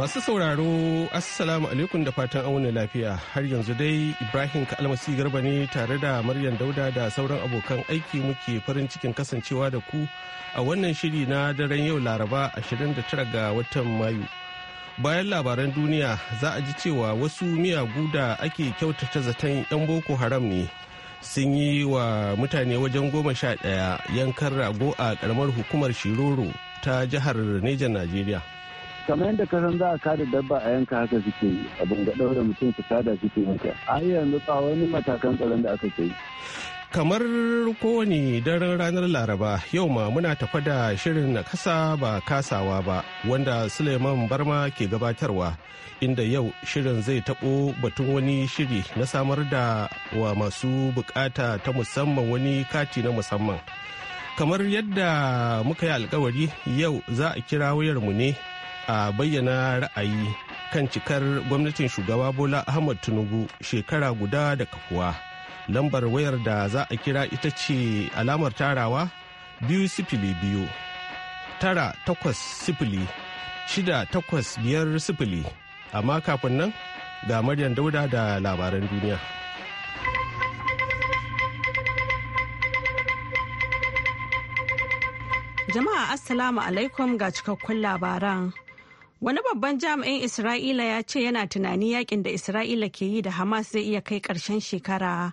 Masu sauraro, Assalamu alaikum da fatan auna lafiya. Har yanzu dai Ibrahim Kalmasi Garba ne tare da Maryam Dauda da sauran abokan aiki muke farin cikin kasancewa da ku a wannan shiri na daren yau Laraba 29 ga watan Mayu. Bayan labaran duniya za a ji cewa wasu miyagu da ake kyautata zaton 'yan Boko Haram ne sun yi wa mutane wajen goma sha ɗaya yankan rago a ƙaramar hukumar Shiroro ta jihar Neja Najeriya. kamar yadda ka san za a kada dabba a yanka haka suke yi abin ga ɗaura mutum su kada suke yanka a yanzu ba wani matakan tsaron da aka kai kamar kowane daren ranar laraba yau ma muna tafa da shirin na kasa ba kasawa ba wanda suleiman barma ke gabatarwa inda yau shirin zai taɓo batun wani shiri na samar da wa masu bukata ta musamman wani kati na musamman kamar yadda muka yi alkawari yau za a kira wayarmu ne a bayyana ra'ayi kan cikar gwamnatin shugaba bola ahmad tinubu shekara guda da kafuwa lambar wayar da za a kira ita ce alamar tarawa biyu sifili biyu tara takwas sifili shida takwas biyar sifili amma kafin nan ga maryan dauda da labaran duniya jama'a assalamu alaikum ga cikakkun labaran Wani babban jami'in Isra'ila ya ce yana tunani yakin da Isra'ila ke yi da Hamas zai iya kai ƙarshen shekara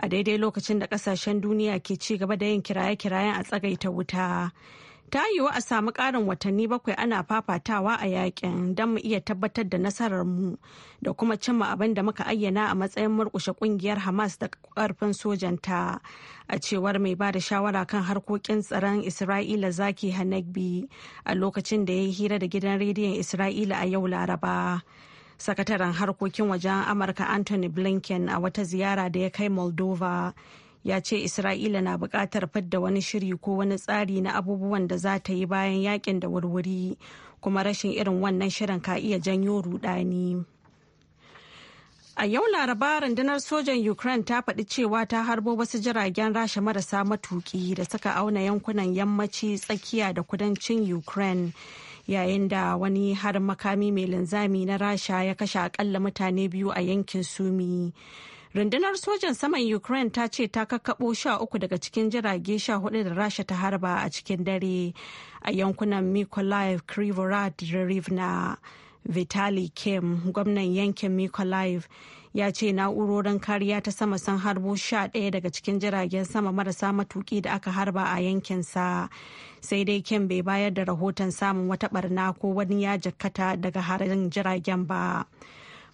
a daidai lokacin da ƙasashen duniya ke ci gaba da yin kiraye-kirayen a tsagaita wuta. ta yiwu a samu ƙarin watanni bakwai ana fafatawa a yakin don mu iya tabbatar da nasarar mu da kuma cimma abin da muka ayyana a matsayin murkushe kungiyar hamas da karfin sojanta a cewar mai ba da shawara kan harkokin tsaron isra'ila zaki hanagbi a lokacin da ya yi hira da gidan rediyon isra'ila a yau laraba sakataren harkokin wajen amurka anthony blinken a wata ziyara da ya kai moldova ya ce isra'ila na buƙatar fadda wani shiri ko wani tsari na abubuwan da za ta yi bayan yakin da wurwuri kuma rashin irin wannan shirin ka iya janyo rudani a yau laraba rundunar sojan ukraine ta faɗi cewa ta harbo wasu jiragen rasha marasa matuki da suka auna yankunan yammaci tsakiya da kudancin ukraine yayin da wani har makami mai linzami na rasha ya kashe akalla mutane biyu a yankin sumi rundunar sojan saman ukraine ta ce ta kakkaɓo sha uku daga cikin jirage sha hudu da rasha ta harba a cikin dare a yankunan mikolaiv krivorad da rivna vitali kim gwamnan yankin mikolaiv ya ce na'urorin kariya ta sama sun harbo sha ɗaya daga cikin jiragen sama marasa matuki da aka harba a yankinsa sai dai kim bai bayar da rahoton samun wata barna ko wani ya jakkata daga harin jiragen ba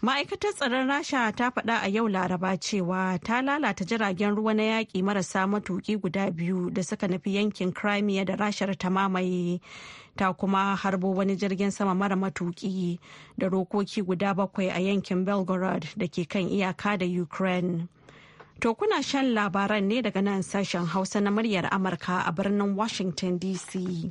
ma'aikatar tsaron rasha ta faɗa a yau laraba cewa ta lalata jiragen ruwa na yaƙi marasa matuƙi guda biyu da suka nufi yankin crimea da rashar ta mamaye ta kuma harbo wani jirgin sama mara matuƙi da rokoki guda bakwai a yankin belgorod da ke kan iyaka da ukraine to kuna shan labaran ne daga nan sashen hausa na muryar amurka a birnin washington dc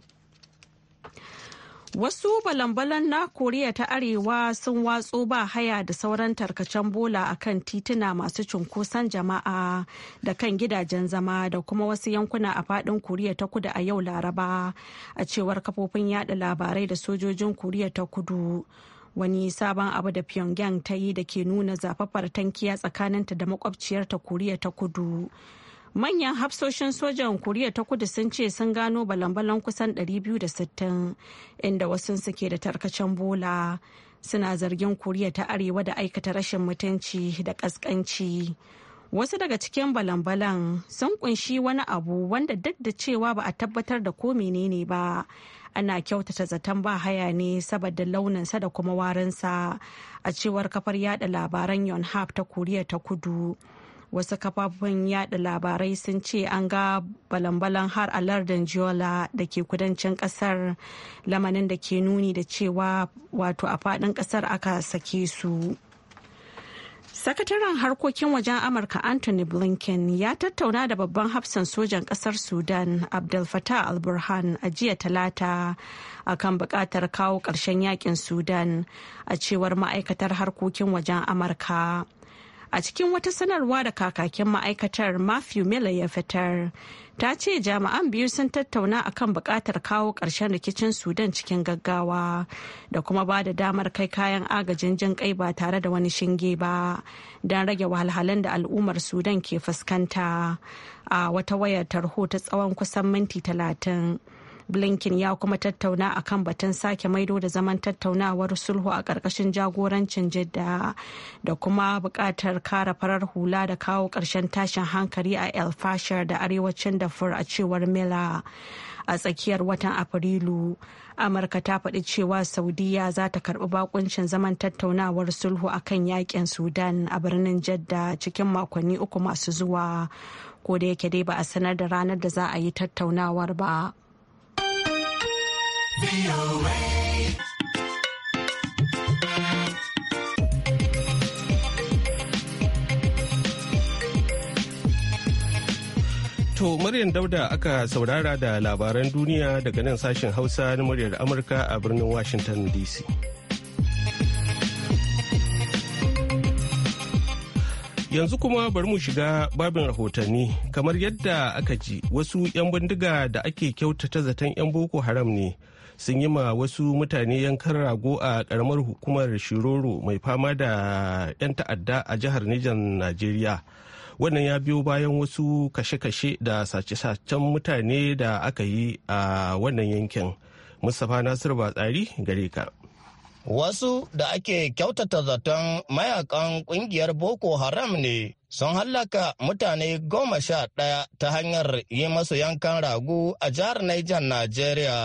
Wasu balan na Koriya ta Arewa sun watso ba haya da sauran tarkacen bola a kan tituna masu cunkoson jama'a da kan gidajen zama da kuma wasu yankuna a fadin Koriya ta kudu a yau Laraba a cewar kafofin yada labarai da sojojin Koriya ta kudu. Wani sabon abu da Pyongyang ta yi da ke nuna zafafar tankiya tsakaninta da makwabciyarta Koriya ta kudu. manyan hafsoshin sojan koriya ta kudu sun ce sun gano balan-balan kusan 260 inda wasu suke da tarkacen bola suna zargin koriya ta arewa da aikata rashin mutunci da kaskanci wasu daga cikin balan-balan sun kunshi wani abu wanda duk da cewa ba a tabbatar da ko menene ba ana kyautata zaton ba haya ne saboda launinsa da kuma warinsa a cewar kafar yada labaran yonhap ta koriya ta kudu wasu kafafen yada labarai sun ce an ga balan-balan har a lardin jiola da ke kudancin kasar lamanin da ke nuni da cewa wato a fadin kasar aka sake su sakataren harkokin wajen amurka anthony blinken ya tattauna da babban hafsan sojan kasar sudan abdul fattah al-burhan a jiya talata a kan bukatar kawo ƙarshen yakin sudan a cewar ma'aikatar harkokin wajen amurka a cikin wata sanarwa da kakakin ma'aikatar matthew miller ya fitar ta ce jami'an biyu sun tattauna a kan buƙatar kawo ƙarshen rikicin sudan cikin gaggawa da kuma ba da damar kai kayan agajin jin kai ba tare da wani shinge ba don rage wahalhalun da al'ummar sudan ke fuskanta a wata wayar tarho ta tsawon kusan minti talatin. blinken ya kuma tattauna a kan batun sake maido da zaman tattaunawar sulhu a ƙarƙashin jagorancin jidda da kuma buƙatar kara farar hula da kawo ƙarshen tashin hankali a el fashar da arewacin dafur a cewar mila a tsakiyar watan afrilu amurka ta faɗi cewa saudiya za ta karɓi bakuncin zaman tattaunawar sulhu a kan yakin sudan a birnin jadda cikin makonni uku masu zuwa ko da yake dai ba a sanar da ranar da za a yi tattaunawar ba To Maryam Dauda aka saurara da labaran duniya daga nan sashen Hausa na muryar Amurka a birnin Washington DC. Yanzu kuma bari mu shiga babin rahotanni kamar yadda aka ji wasu 'yan bindiga da ake kyautata zaton 'yan Boko Haram ne sun yi ma wasu mutane yankan rago a karamar hukumar shiroro mai fama da 'yan ta'adda a jihar nijar najeriya wannan ya biyo bayan wasu kashe-kashe da sace-sacen mutane da aka yi a wannan yankin mustapha nasiru batsari gare ka wasu da ake kyautata zaton mayakan kungiyar boko haram ne sun hallaka mutane goma sha ɗaya ta hanyar yi masu yankan ragu a jihar Niger Najeriya.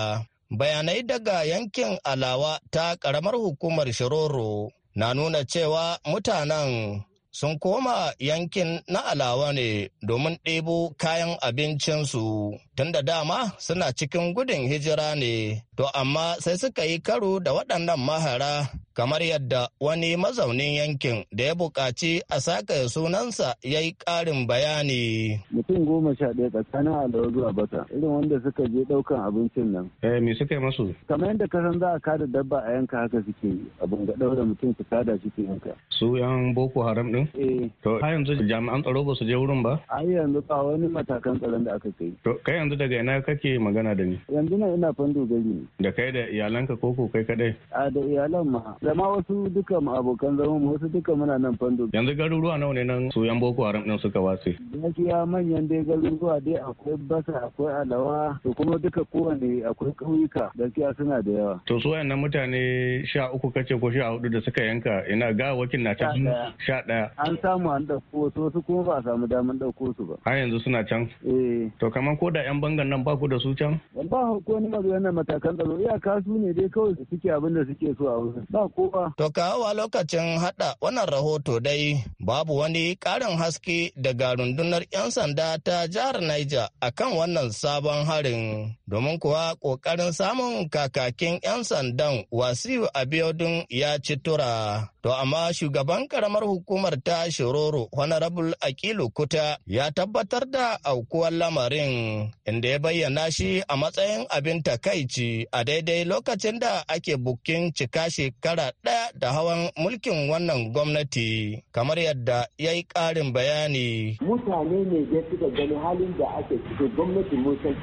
Bayanai daga yankin Alawa ta ƙaramar hukumar Shiroro na nuna cewa mutanen sun koma yankin na Alawa ne domin ɗebo kayan abincinsu. tun da dama suna cikin gudun hijira ne, to amma sai suka yi karo da waɗannan mahara kamar yadda wani mazaunin yankin da ya buƙaci a saka sunansa ya yi ƙarin bayani. Mutum goma sha ɗaya tsakanin alawar zuwa bata irin wanda suka je ɗaukan abincin nan. Eh me suka yi masu? Kamar yadda ka san za a kada dabba a yanka haka suke yi abin ga ɗaura mutum su kada shi ke yanka. Su yan Boko Haram ɗin? Eh. To har yanzu jami'an tsaro ba su je wurin ba? Ai yanzu ba wani matakan tsaron da aka kai. To kai yanzu daga ina kake magana da ni? Yanzu na ina fando gari Da kai da iyalanka ko ko kai kadai? A da iyalan ma. Da ma wasu duka mu abokan zama mu wasu duka muna nan fando. Yanzu garuruwa nawa ne nan su yan Boko Haram din suka wace? Gaskiya manyan dai garuruwa dai akwai basa akwai alawa to kuma duka kowane akwai ƙauyuka gaskiya suna da yawa. To su wayannan mutane sha uku kace ko sha hudu da suka yanka ina ga wakin na can sha ɗaya. An samu an ɗauko su wasu kuma ba a samu damar ɗauko su ba. Har yanzu suna can? Eh. To kamar ko da 'yan 'yan bangan nan ba da su can? Ba ko wani maganar matakan tsaro iyaka su ne dai kawai su suke abin da suke so a wurin ba ba. To kawowa lokacin haɗa wannan rahoto dai babu wani ƙarin haske daga rundunar 'yan sanda ta jihar Niger akan wannan sabon harin. domin kuwa ƙoƙarin samun kakakin 'yan sandan a abiodun ya ci tura. To amma shugaban karamar hukumar ta Shiroro Honorable Akilu Kuta ya tabbatar da aukuwar lamarin inda ya bayyana shi a matsayin abin takaici a daidai lokacin da ake bukin cika shekara ɗaya da hawan mulkin wannan gwamnati kamar yadda ya yi ƙarin bayani. Mutane ne da suka gani halin da ake cikin gwamnati mun san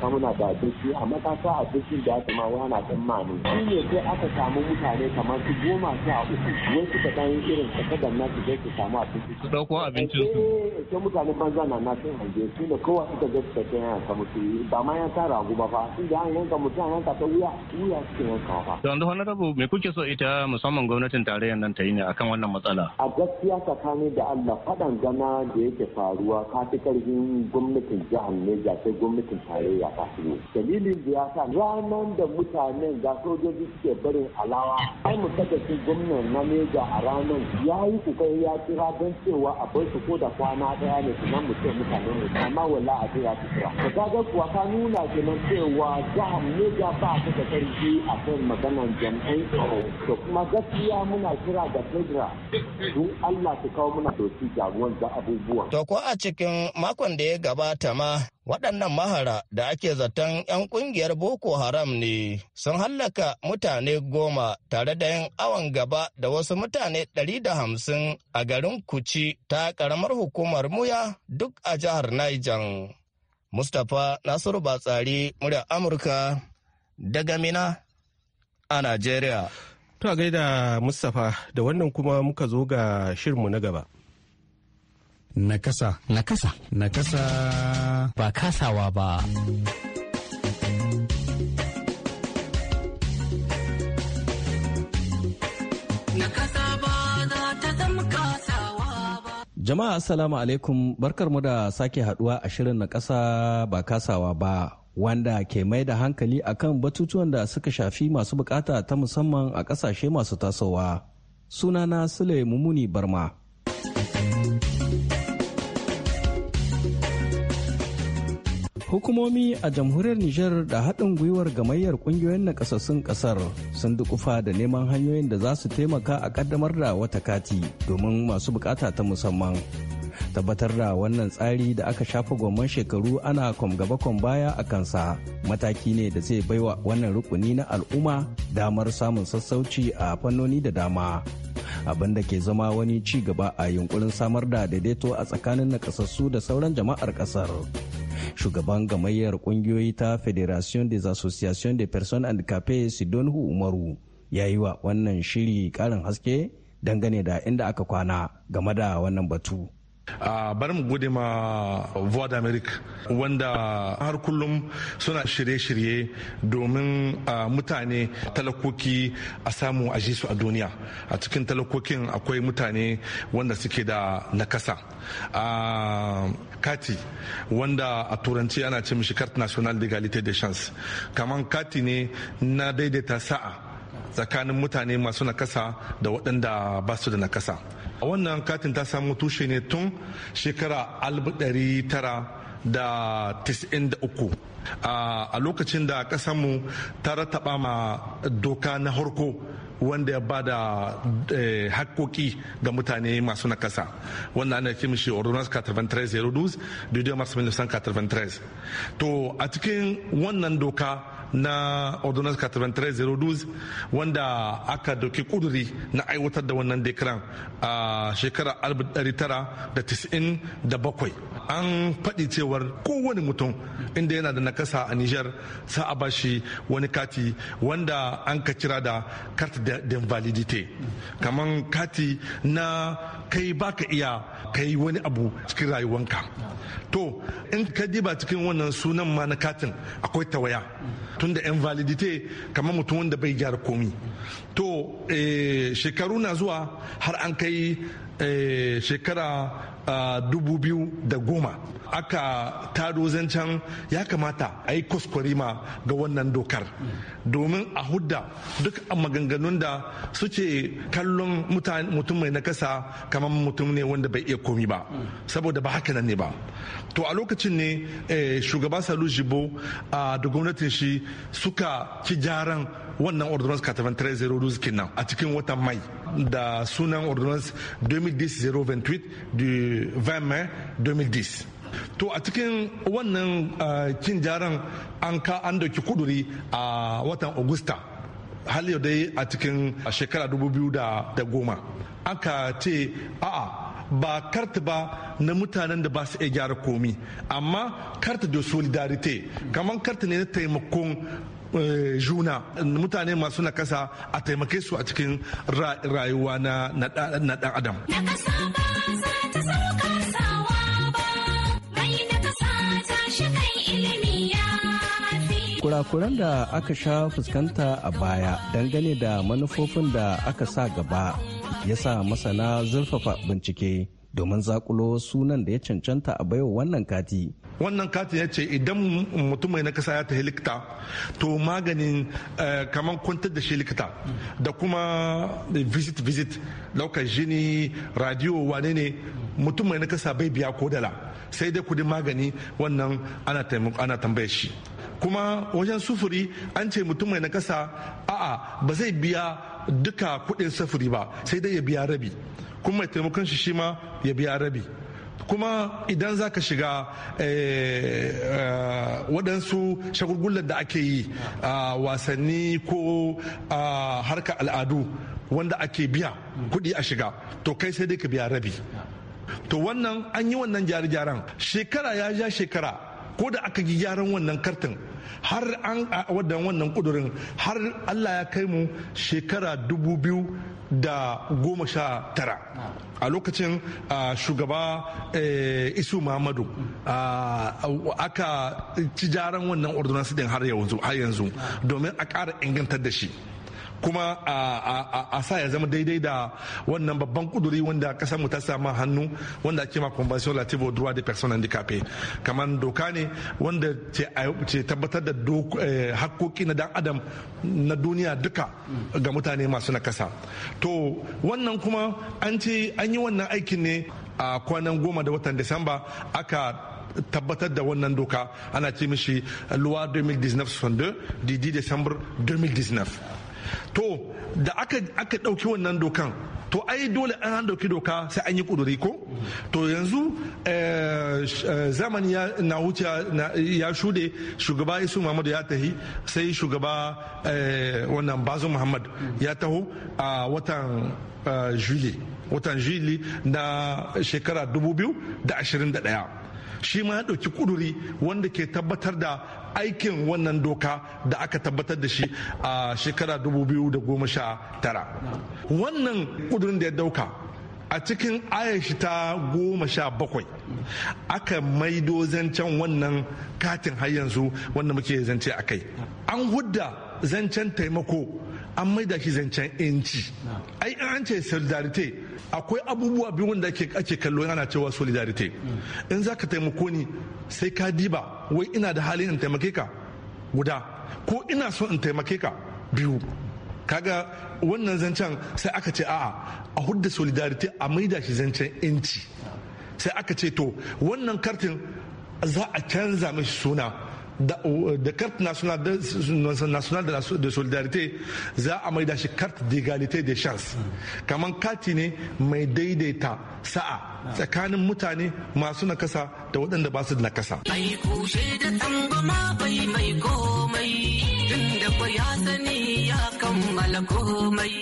samuna da abinci amma ka sa abincin da aka ma wana ɗan mani shi ne sai aka samu mutane kamar su goma su a uku wai ka dan irin ka kadan na su su samu abinci su dauko abincin su eh, sai mutane banza na na sun hange su ne kowa suka ga suka ce yana ka mutu ba ma yan kara ba fa sun da an yanka mutum an yanka ta wuya wuya suke yanka fa. to yanzu rabu me kuke so ita musamman gwamnatin tarayyar nan ta yi ne akan wannan matsala. a gaskiya tsakanin da Allah faɗan gana da yake faruwa ka fi ƙarfin gwamnatin jihar Neja sai gwamnatin tarayya ta dalilin da ya sa ranar da mutanen ga sojoji suke barin alawa ai mu kada shi gwamnan na neja a ranar ya yi kokari ya kira don cewa a bar su ko da kwana daya ne kuma mu ce mutane ne amma walla a ce ya ci kira ka gaga kuwa ka nuna kenan cewa jihar neja ba ta da karfi a kan maganar jam'an tsaro to kuma gaskiya muna kira da fedra don allah su kawo muna doki jagoran da abubuwan. to ko a cikin makon da ya gabata ma waɗannan mahara da ake zaton 'yan ƙungiyar boko haram ne sun hallaka mutane goma tare da yin awon gaba da wasu mutane 150 a garin kuci ta ƙaramar hukumar muya duk a jihar niger mustapha nasiru batsari murya amurka daga mina a nigeria to a gaida mustapha da wannan kuma muka zo ga shirinmu na gaba Nakasa. Nakasa. Nakasa. Ba kasawa ba. Jama'a Assalamu alaikum barkarmu da sake haduwa a shirin na ƙasa ba kasawa ba wanda ke mai da hankali akan batutuwan da suka shafi masu bukata ta musamman a ƙasashe masu tasowa. Sunana Sule Mumuni Barma. Hukumomi a jamhuriyar Nijar da haɗin gwiwar gamayyar ƙungiyoyin nakasassun ƙasar sun dukufa da neman hanyoyin da za su taimaka a ƙaddamar da wata kati domin masu bukata ta musamman. tabbatar da wannan tsari da aka shafa gwamman shekaru ana kwam gaba kwam baya a kansa mataki ne da zai baiwa wannan rukuni na al'umma damar samun sassauci a fannoni da dama abin da ke zama wani ci gaba a yunkurin samar da daidaito a tsakanin nakasassu da sauran jama'ar kasar shugaban gamayyar kungiyoyi ta federation des associations de personnes handicapées sidonhu umaru ya yi wa wannan shiri karin haske dangane da inda aka kwana game da wannan batu bari mu gode ma voa america wanda har kullum suna shirye-shirye domin mutane talakoki a samu a su a duniya a cikin talakokin akwai mutane wanda suke da nakasa a kati wanda a turanci ana ce mishi carte national d'égalité des chances kaman kati ne na daidaita sa'a tsakanin mutane masu nakasa da waɗanda ba su da nakasa wannan katin ta samu tushe ne tun shekara da 1993 a lokacin da kasanmu ta rataɓa ma doka na harko wanda ya bada eh, haƙoƙi ga mutane masu nakasa wanda ana kimi mishi ordonance 9302 dudiyar masu 1993 to a cikin wannan doka na ordonance 4302 wanda aka dauki kuduri na aiwatar da wannan dekran a shekarar 1997 an faɗi cewar kowane mutum inda yana da nakasa a nijar sa a bashi wani kati wanda an ka kira da carte d'invalidité kamar kati na kai baka iya ka yi wani abu cikin rayuwanka to in ka diba cikin wannan sunan ma na katin akwai tawaya tunda invalidity kamar mutum wanda bai gyara komi to eh, shekaru na zuwa har an kai eh, shekara dubu biyu da goma aka tado zancen ya kamata a yi ma ga wannan dokar domin a hudda duk maganganun da suke kallon mutum mai nakasa kamar mutum ne wanda bai iya komi ba saboda ba haka nan ne ba to a lokacin ne eh, shugaba salu jibo da gwamnatin shi suka ki gyaran wannan ordinance 9302 kenan a cikin watan mai da sunan ordinance 2010-028 du 20 mai 2010 to a cikin wannan eh, kin jaran an ka an dauki kuduri a watan augusta hal yau dai a cikin shekara da 2010 aka ce a'a ba karta ba na mutanen da ba su iya gyara komi amma karta da solidarity kamar karta ne na taimakon Eh, juna mutane masu nakasa a taimake su a cikin rayuwa na dan adam. kurakuran da aka sha fuskanta a baya dangane da manufofin da aka sa gaba ya sa masana zurfafa bincike domin zakulo sunan da ya cancanta a baiwa wannan kati wannan katin ya ce idan mutum mai nakasa ya tafi likita to maganin eh, kamar kwantar da shi likita da kuma visit visit laukar jini radio wane ne mutum mai nakasa bai biya ko dala sai dai kudin magani wannan ana tambaye shi kuma wajen sufuri an ce mutum mai nakasa a'a ba zai biya duka kudin sufuri ba sai dai ya biya rabi kuma mai taimakon shi shi ma ya biya rabi kuma idan za ka shiga eh, eh, waɗansu shagulgular da ake yi a wasanni ko a harkar al'adu wanda ake biya kuɗi a shiga to kai sai dai ka biya rabi to wannan an yi wannan gyare-gyaren shekara ya ja shekara ko da aka yi gyaran wannan kartin har an a wannan kudurin har allah ya kai mu shekara dubu biyu da goma sha tara a lokacin shugaba e, isu muhammadu aka ci jaran wannan ordinance din har yanzu domin a ƙara ingantar da shi kuma a sa ya zama daidai da wannan babban kuduri wanda kasar mu ta sama hannu wanda ake ma convention relative au droit des personnes handicapées kamar doka ne wanda ce tabbatar da eh, hakkoki na dan adam na duniya duka ga mutane masu nakasa to wannan kuma an ce an yi wannan aikin ne a kwanan goma da watan disamba aka tabbatar da wannan doka ana ce mishi loi 2019-62 didi december 2019 to da aka aka ɗauki wannan dokan to ai dole an dauki doka sai an yi kuduri ko to yanzu eh, eh, zamani na wuce ya shude shugaba isu muhammadu ya tahi sai shugaba eh, wannan bazu muhammad ya taho a watan juli watan juli na shekara 2021 shi ma ya ɗauki ƙuduri wanda ke tabbatar da aikin wannan doka da aka tabbatar da shi a shekara 2019 wannan kudurin da ya dauka a cikin ayashi ta goma sha bakwai aka maido zancen wannan katin har yanzu wanda muke zance a kai an hudda zancen taimako an maida shi zancen yanci ai an ce solidarite akwai abubuwa biyu wanda ake kallo ana cewa solidarite. in za ka taimako ni sai ka diba wai ina da halin in taimake ka guda ko ina so in taimake ka biyu kaga wannan zancen sai aka ce a'a a hudda solidarite a maida shi zancen inci sai aka ce to wannan kartin za a canza mashi suna da carte nationale de solidarité za a maida shi carte d'égalité de chance kaman kati ne mai daidaita sa'a tsakanin mutane masu nakasa da waɗanda ba su da nakasa bai kushe da tsangwama bai mai komai inda ya sani ya kammala komai.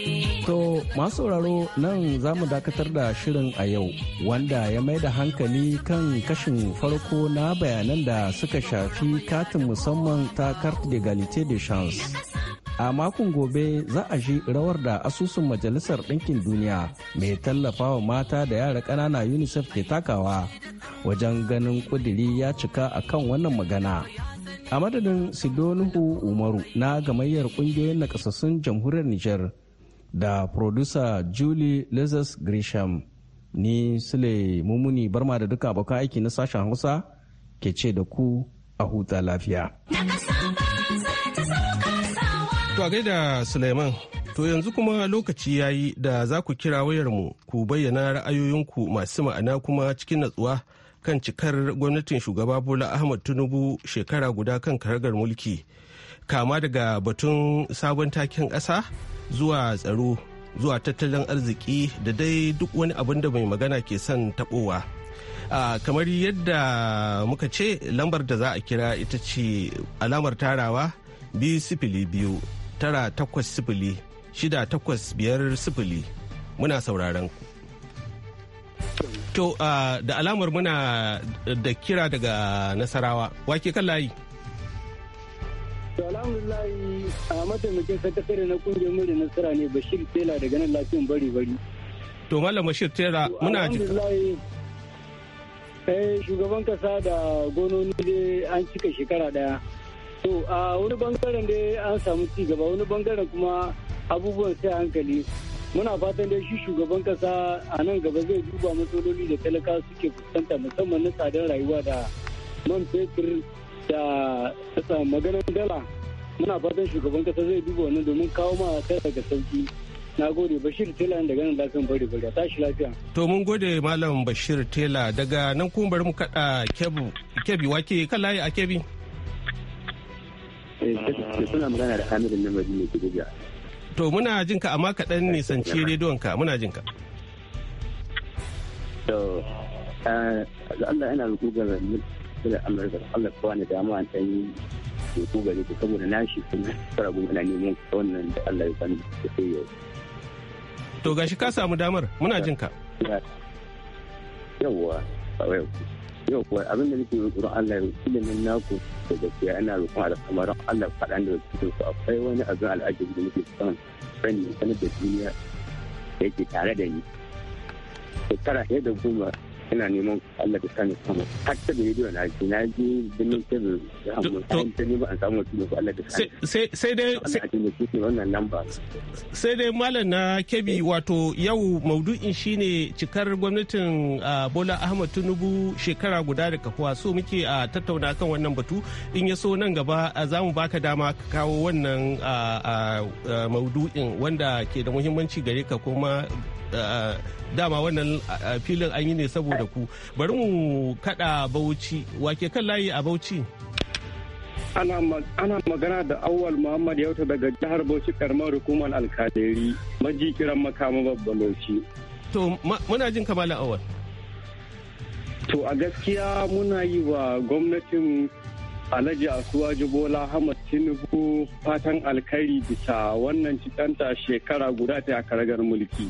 To masu sauraro nan za mu dakatar da shirin a yau wanda ya mai da hankali kan kashin farko na bayanan da suka shafi katin musamman ta carte d'égalité de chance. a makon gobe za a ji rawar da asusun majalisar ɗinkin duniya mai tallafawa mata da yara ƙanana unicef ke takawa wajen ganin ƙudiri ya cika akan wannan magana a madadin sidonuhu umaru na gamayyar kungiyoyin nakasassun jamhuriyar niger da producer julie lizas grisham ni sule mumuni barma da duka abokan aiki na sashen hausa ke ce da ku a huta lafiya to a gaida suleiman to yanzu kuma lokaci yayi da za ku kira wayarmu ku bayyana ra'ayoyinku masu ma'ana kuma cikin natsuwa kan cikar gwamnatin shugaba bola ahmad tinubu shekara guda kan karagar mulki kama daga batun sabon taken ƙasa zuwa tsaro zuwa tattalin arziki da dai duk wani abin da mai magana ke son taɓowa kamar yadda muka ce lambar da za a kira ita ce alamar tarawa biyu sifili biyu tara takwas sifili shida takwas biyar sifili muna sauraron ku To ah, da alamar muna da kira daga Nasarawa. Wake kan layi? Alhamdulillahi a ah, mataimakin sakatare na kungiyar murya nasara ne Bashir Tela daga nan lafiyan bari bari. To Malam Bashir Tela muna Eh shugaban kasa da gononi dai an cika shekara daya. To a ah, wani bangaren dai an samu ci gaba wani bangaren kuma abubuwan sai hankali. muna fatan dai shi shugaban kasa a nan gaba zai duba matsaloli da talaka suke fuskanta musamman na tsadar rayuwa da man fetur da tsasa maganin dala muna fatan shugaban kasa zai duba wannan domin kawo ma ga sauki na gode bashir tela daga nan lafiyan bari bari tashi lafiya to mun gode malam bashir tela daga nan kuma bari mu kada kebu kebi wake kan layi a kebi eh, suna magana da hamidu na madina ke To muna jin ka amma kaɗan nisanci rediyon ka muna jin ka. To eh, Allah yana rukugar da Amurka Allah kuwa ne dama a ɗan yi rukugare ta saboda nashi kuma fara na neman wannan da Allah ya sani da ke yau. To gashi ka samu damar muna jin ka. Yawwa, wayo. yau kuwa abin da nake roƙon Allah ya shi da nan naku da gaskiya ina roƙon al'amara Allah faɗa da cikin ku akwai wani abin al'ajabi da nake son sani sanar da duniya da yake tare da ni shekara ɗaya da goma ina neman Allah da sani kuma har ta rediyo na ji na ji ta kebbi da amma ta ne ba an samu wasu ko Allah da sani sai dai sai wannan lamba sai dai malam na kebbi wato yau maudu'in shine cikar gwamnatin Bola Ahmad Tinubu shekara guda da kafuwa so muke a tattauna kan wannan batu in ya so nan gaba za mu baka dama ka kawo wannan maudu'in wanda ke da muhimmanci gare ka kuma dama wannan filin an yi ne saboda mu da ku bari mu kada bauchi wake kan layi a bauchi ana magana da awal muhammad yauta daga jihar bauchi karamar hukumar alkaleri maji kiran makama babban bauchi to muna jin kamala awal to a gaskiya muna yi wa gwamnatin alhaji asuwa jibola hamad tinubu fatan alkhairi bisa wannan cikanta shekara guda ta karagar mulki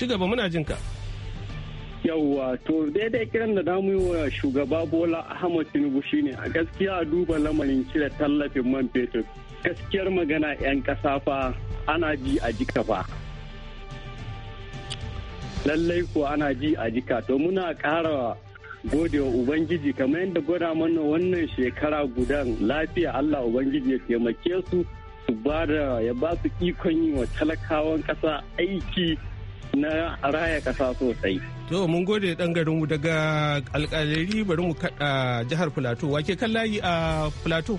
ci gaba muna jin ka yawwa to daidai kiran da damu wa shugaba bola ahmad tinubu shine a gaskiya a duba lamarin cire tallafin man fetur gaskiyar magana 'yan kasa fa ana ji a jika fa lallai ko ana ji a jika to muna ƙara godewa ubangiji kamar yadda gwada mana wannan shekara gudan lafiya allah ubangiji ya taimake su su ba da ya ba su ikon yi wa talakawan ƙasa aiki na raya kasa sosai. To mun gode dan garinmu daga alƙalari bari mu kada jihar Filato wake kan layi a Filato.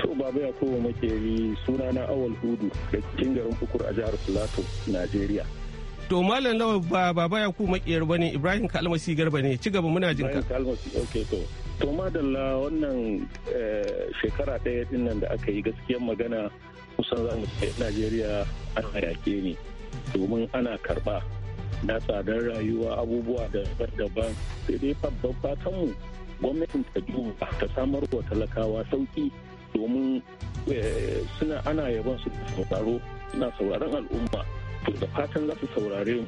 To baba ya kowa yi suna na awal hudu da cikin garin Ukur a jihar Filato, Najeriya. To malam lawa ba baba ya ku makiyar bane Ibrahim Kalmasi Garba ne ci gaba muna jin ka. Kalmasi okay to. To madalla wannan eh, shekara ɗaya din nan da aka yi gaskiyar magana kusan za mu ce Najeriya an yake ne. domin ana karba na tsadar rayuwa abubuwa daban-daban sai dai babban fatanmu gwamnatin ta duba ta samar wa talakawa sauki domin eh, suna ana yaban su sauraro suna sauraron al'umma to da fatan za su saurare mu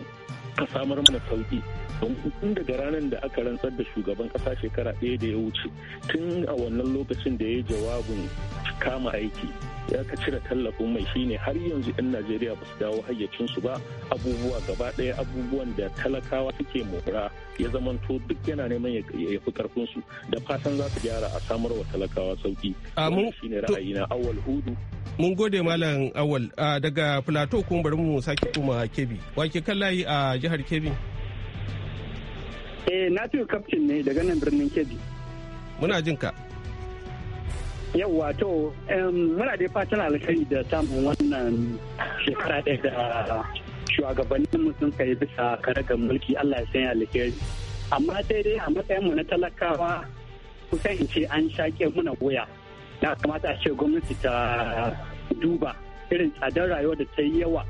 ka samar mana sauki tun daga ranar da aka rantsar da shugaban kasa shekara ɗaya da ya wuce tun a wannan lokacin da ya jawabin kama aiki ya ka cire tallafin mai shine har yanzu 'yan najeriya ba su dawo hayyacinsu ba abubuwa gaba ɗaya abubuwan da talakawa suke mora ya zamanto duk yana neman ya fi karfinsu da fatan za su gyara a samar wa talakawa sauki hudu mun gode malam awal daga plateau kuma bari mu sake kuma kebi wake kan layi a jihar kebi eh na kaftin ne daga nan birnin kebi muna jin ka yau wato muna dai fatan alkhairi da samun wannan shekara ɗaya da shugabanninmu sun kai bisa ga mulki allah ya sanya alkhairi amma sai dai a matsayinmu na talakawa kusan in ce an shaƙe muna goya Na kamata a ce gwamnati ta duba irin tsadar rayuwa da ta yi yawa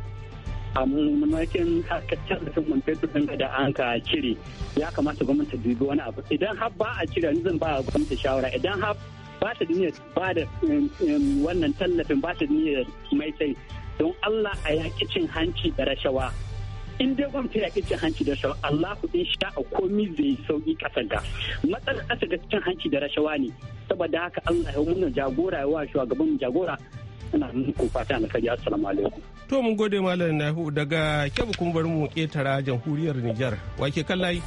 a mamakin harkar sun man fetur ɗin da an ka cire ya kamata gwamnati dubi wani abu idan har ba a cire zan ba gwamnati shawara idan har ba ta da niyyar ba da wannan tallafin ba ta da niyyar mai sai don Allah a yaƙi cin hanci da rashawa in dai gwamnati ya cin hanci da rashawa Allah ku din sha a komi zai sauki kasanta da matsalar ƙasa ga cin hanci da rashawa ne saboda haka Allah ya muna jagora wa shugaban jagora ina muku fata na kariya assalamu alaikum to mun gode malam nahu daga kebu kun bar mu ketara jamhuriyar Nijar wake kan layi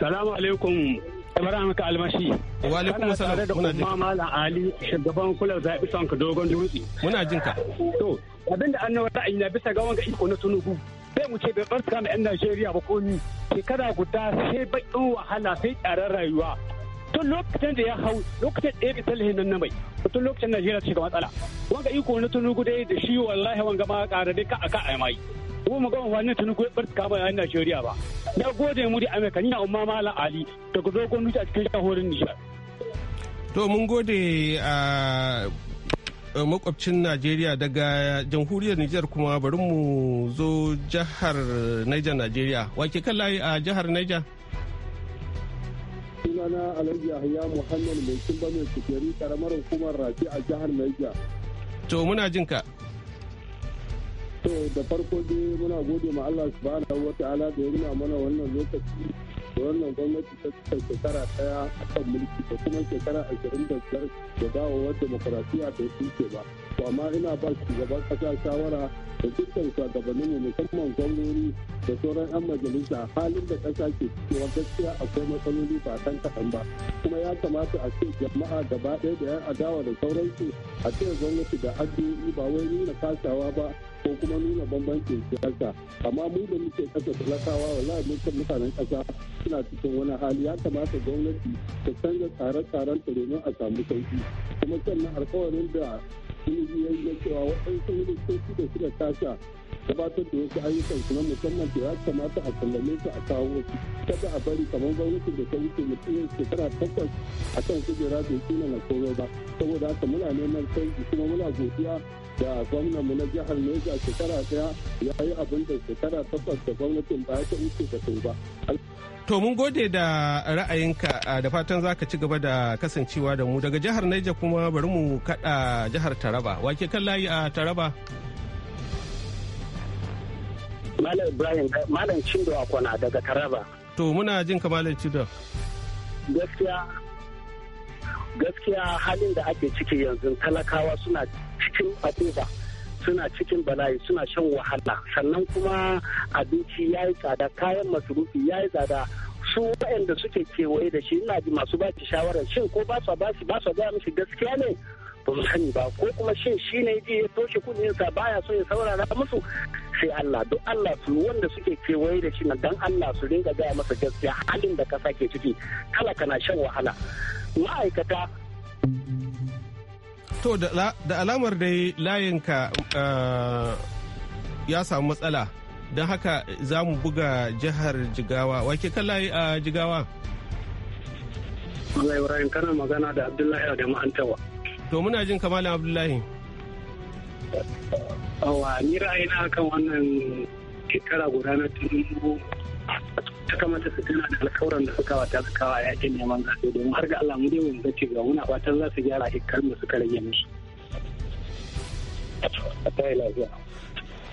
salamu alaikum Ibrahim ka almashi. Wa alaikum salam. Kana tare da Ali shugaban kula zaɓi son ka dogon dutse. Muna jin ka. To abin da annawa ra'ayi na bisa ga wanga iko na Tunubu. Sai mu ce bai barka ma 'yan Najeriya ba komi. Shekara guda sai baƙin wahala sai tsaron rayuwa. tun lokacin da ya hau lokacin da ya bi talihin nan na mai tun lokacin Najeriya ta ga matsala wanga iko na tunugu dai da shi wallahi wanga ma ƙarare ka aka a mai kuma mu ga wannan tunu ko bar ka bayan Najeriya ba na gode mu da Amerika ni na umma mala ali da ku dogon nuta cikin shahorin nisha to mun gode a makwabcin Najeriya daga jamhuriyar Nijar kuma bari mu zo jihar Niger Najeriya wake kan layi a jihar Niger sunana Alhaji ahiya Muhammad mai kimba mai kujeri karamar hukumar rafi a jihar Niger to muna jin ka To da farko dai muna gode ma Allah subhanahu wa ta'ala da ya nuna mana wannan lokaci da wannan gwamnati ta cika shekara daya a kan mulki da kuma shekara ashirin da biyar da dawowar demokarasiya da ya ba. To amma ina ba shugaban kasa shawara da dukkan shugabanninmu musamman gwamnoni da sauran 'yan majalisa halin da kasa ke cewa gaskiya akwai matsaloli ba kan kaɗan ba kuma ya kamata a ce jama'a gaba ɗaya da 'yan adawa da sauransu a ce gwamnati da addu'o'i ba wai nuna kasawa ba ko kuma nuna bambancin siyasa amma mu da muke kasa talakawa a mutum mutanen kasa suna cikin wani hali ya kamata gwamnati ta canza tsare-tsaren ta domin a samu sauki kuma sannan alkawarin da tinubu ya yi cewa waɗansu ministoci da suka kasa gabatar da wasu ayyukan kuma musamman da ya kamata a sallame su a kawo su kada a bari kamar gwamnatin da ta wuce mutum shekara takwas a kan kujera bai tuna na komai ba saboda haka muna neman canji kuma muna godiya da gwamnan mu na jihar Niger shekara daya ya yi abin da shekara takwas da gwamnatin ba ta wuce da kai ba. To mun gode da ra'ayinka da fatan za ka ci gaba da kasancewa da mu daga jihar Niger kuma bari mu kada jihar Taraba. Wake kan layi a Taraba? Malam Ibrahim, eh, Malam Chindo Akwana daga Taraba. To muna jin ka Malam Chindo. Gaskiya gaskiya halin da ake ciki yanzu talakawa suna cikin akuba. suna cikin bala'i suna shan wahala sannan kuma abinci ya yi tsada kayan masurufi ya yi tsada su waɗanda suke kewaye da shi ina ji masu ba shawarar shin ko ba su ba su ba su gaya mishi gaskiya ne ba su sani ba ko kuma shin shi ne ji ya toshe sa baya so ya saurara musu sai Allah duk Allah su wanda suke kewaye da shi na dan Allah su ringa gaya masa gaskiya halin da kasa ke ciki kala kana shan wahala ma'aikata To da alamar dai layinka ah, ya samu matsala don haka za mu buga jihar Jigawa. Wake kan layi a Jigawa? Allah Ibrahim kana magana da Abdullahi da ma'antawa. To muna jin kamalin Abdullahi. Awa, ni ra'ayi na kan wannan shekara guda na ta kamata su tuna da alkawuran da suka wata suka wa yakin neman zaɓe domin har ga Allah mu dai mun zace ga muna fatan za su gyara hikkar da suka rage musu.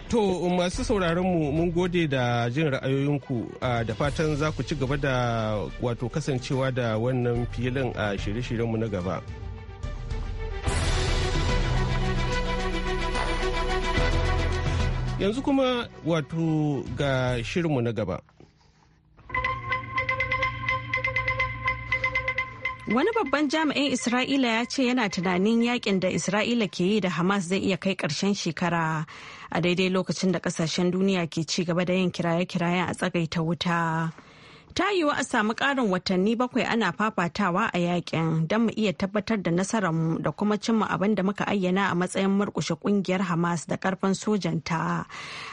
To masu sauraron mu mun gode da jin ra'ayoyinku da fatan za ku ci gaba da wato kasancewa da wannan filin a shirye-shiryenmu na gaba. yanzu kuma wato ga shirinmu na gaba. Wani babban jami'in Isra'ila ya ce yana tunanin yakin da Isra'ila ke yi da Hamas zai iya kai ƙarshen shekara a daidai lokacin da ƙasashen duniya ke ci gaba da yin kiraye kiraye a tsagaita wuta. ta yiwu a samu ƙarin watanni bakwai ana fafatawa a yakin don mu iya tabbatar da nasararmu da kuma cimma abin da muka ayyana a matsayin murkushe kungiyar hamas da karfin sojanta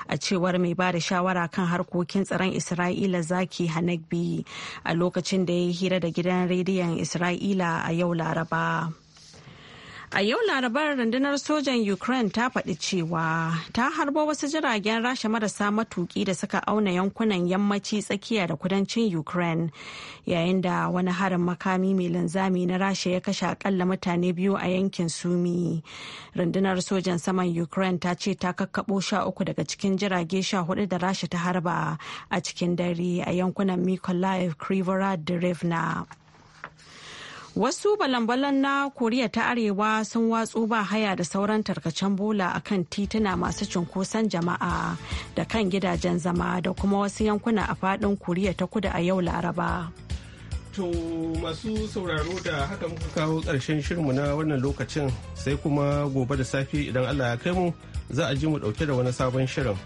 a cewar mai ba da shawara kan harkokin tsaron isra'ila zaki hanagbi a lokacin da ya hira da gidan rediyon isra'ila a yau laraba A yau larabar rundunar sojan Ukraine ta faɗi cewa ta harbo wasu jiragen rasha marasa matuki da suka auna yankunan yammaci tsakiya da kudancin Ukraine yayin da wani harin makami mai linzami na rasha ya kashe akalla mutane biyu a yankin Sumi. Rundunar sojan saman Ukraine ta ce ta kakkaɓo sha uku daga cikin jirage sha hudu da rasha ta harba a cikin dare a yankunan Mykolaiv, Krivorad da Wasu balan-balan na Koriya ta Arewa sun watsu ba haya da sauran tarkacen bola a kan tituna masu cunkoson jama'a da kan gidajen zama da kuma wasu yankuna a fadin Koriya ta kudu a yau Laraba. To masu sauraro da haka muka kawo ƙarshen shirinmu na wannan lokacin sai kuma gobe da safe idan Allah ya kai mu za a ji mu ɗauke da wani sabon shirin.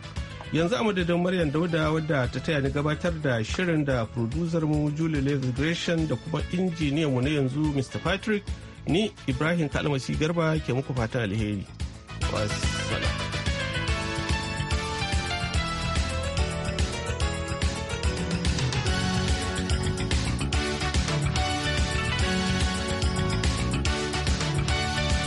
yanzu a madadin maryam dauda wadda ta taya ni gabatar da shirin da producer mu julie da kuma injiniyan mu na yanzu mr patrick ni ibrahim kalmasi garba ke muku fatan alheri wasu